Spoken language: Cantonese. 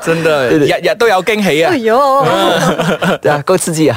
真係日日都有驚喜啊！啊，夠刺激啊！